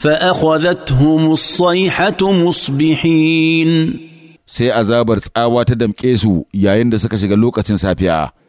fa فأخذتهم الصيحة مصبحين sai azabar tsawa ta damƙe su yayin da suka shiga lokacin safiya